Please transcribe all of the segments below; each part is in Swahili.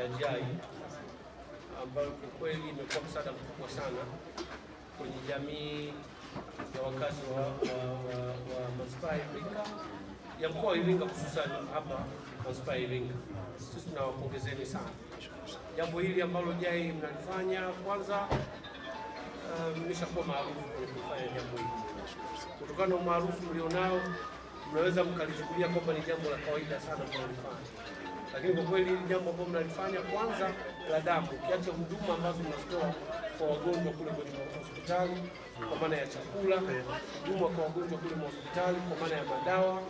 ya JAI ambayo kwa kweli imekuwa msaada mkubwa sana kwenye jamii ya wakazi wa, wa, wa, wa manispaa ya Iringa ya mkoa wa Iringa hususan hapa manispaa ya Iringa. Sisi tunawapongezeni sana jambo hili ambalo JAI mnalifanya. Kwanza eh, mmeshakuwa um, maarufu kwenye kufanya jambo hili. Kutokana na umaarufu mlionao, mnaweza mkalichukulia kwamba ni jambo la kawaida sana mnalifanya lakini kwa kweli hili jambo ambalo mnalifanya kwanza la damu, ukiacha huduma ambazo mnazitoa kwa wagonjwa kule kwenye hospitali kwa maana ya chakula, huduma kwa wagonjwa kule hospitali kwa maana ya madawa,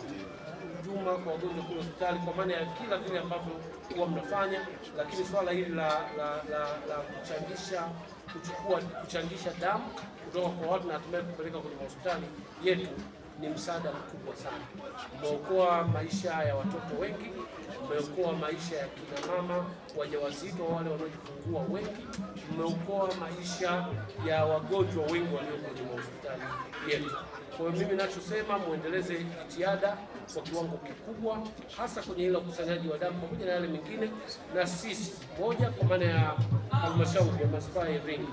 huduma kwa wagonjwa kule hospitali kwa maana ya kila vile ambavyo huwa mnafanya, lakini swala hili la, la, la, la kuchangisha kuchukua kuchangisha damu kutoka kwa watu na hatimaye kupeleka kwenye hospitali yetu ni msaada mkubwa sana. Umeokoa maisha ya watoto wengi, umeokoa maisha ya kina mama wajawazito, wale wanaojifungua wengi, umeokoa maisha ya wagonjwa wengi walio kwenye mahospitali yetu. Kwa hiyo mimi nachosema muendeleze jitihada kwa kiwango kikubwa, hasa kwenye ile ukusanyaji wa damu pamoja na yale mengine, na sisi moja, kwa maana ya halmashauri ya manispaa ya Iringa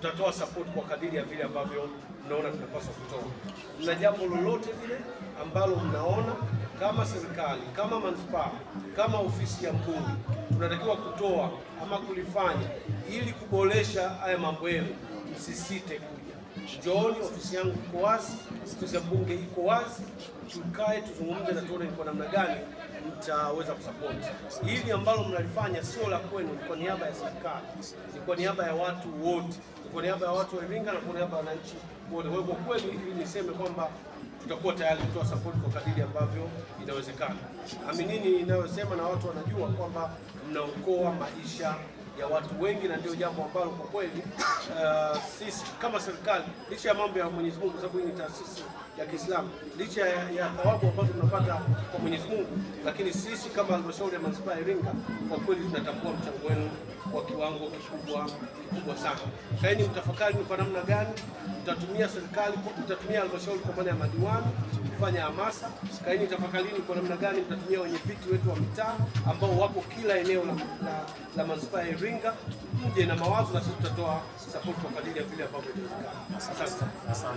tutatoa support kwa kadiri ya vile ambavyo mnaona tunapaswa kutoa. Na jambo lolote vile ambalo mnaona kama serikali, kama manispaa, kama ofisi ya mbunge tunatakiwa kutoa ama kulifanya ili kuboresha haya mambo yenu, msisite kuja. Njooni ofisi yangu iko wazi, ofisi ya bunge iko wazi, tukae tuzungumze na tuone ni kwa namna gani mtaweza kusapoti hili ambalo mnalifanya. Sio la kwenu, ni kwa niaba ya serikali, ni kwa niaba ya watu wote, ni kwa niaba ya watu wa Iringa na kwa niaba ya wananchi wote. Kwa hivyo kweli, ili niseme kwamba tutakuwa tayari kutoa sapoti kwa kadiri ambavyo inawezekana. Aminini inayosema na watu wanajua kwamba mnaokoa maisha ya watu wengi, na ndio jambo ambalo kwa kweli uh, sisi kama serikali, licha ya mambo ya Mwenyezi Mungu, sababu hii ni taasisi ya Kiislamu, licha ya thawabu ambazo tunapata kwa Mwenyezi Mungu, lakini sisi kama halmashauri ya manispaa ya Iringa kwa kweli tunatambua mchango wenu kwa kiwango kikubwa kikubwa sana. Kaini mtafakari ni kwa namna gani mtatumia serikali, mtatumia halmashauri kwa maana ya madiwani kufanya hamasa. Kaini tafakarini kwa namna gani mtatumia wenyeviti wetu wa mitaa ambao wapo kila eneo la, la, la manispaa ya Iringa Iringa, mje na mawazo na sisi tutatoa support kwa kadiri ya vile ambavyo inawezekana. Asante.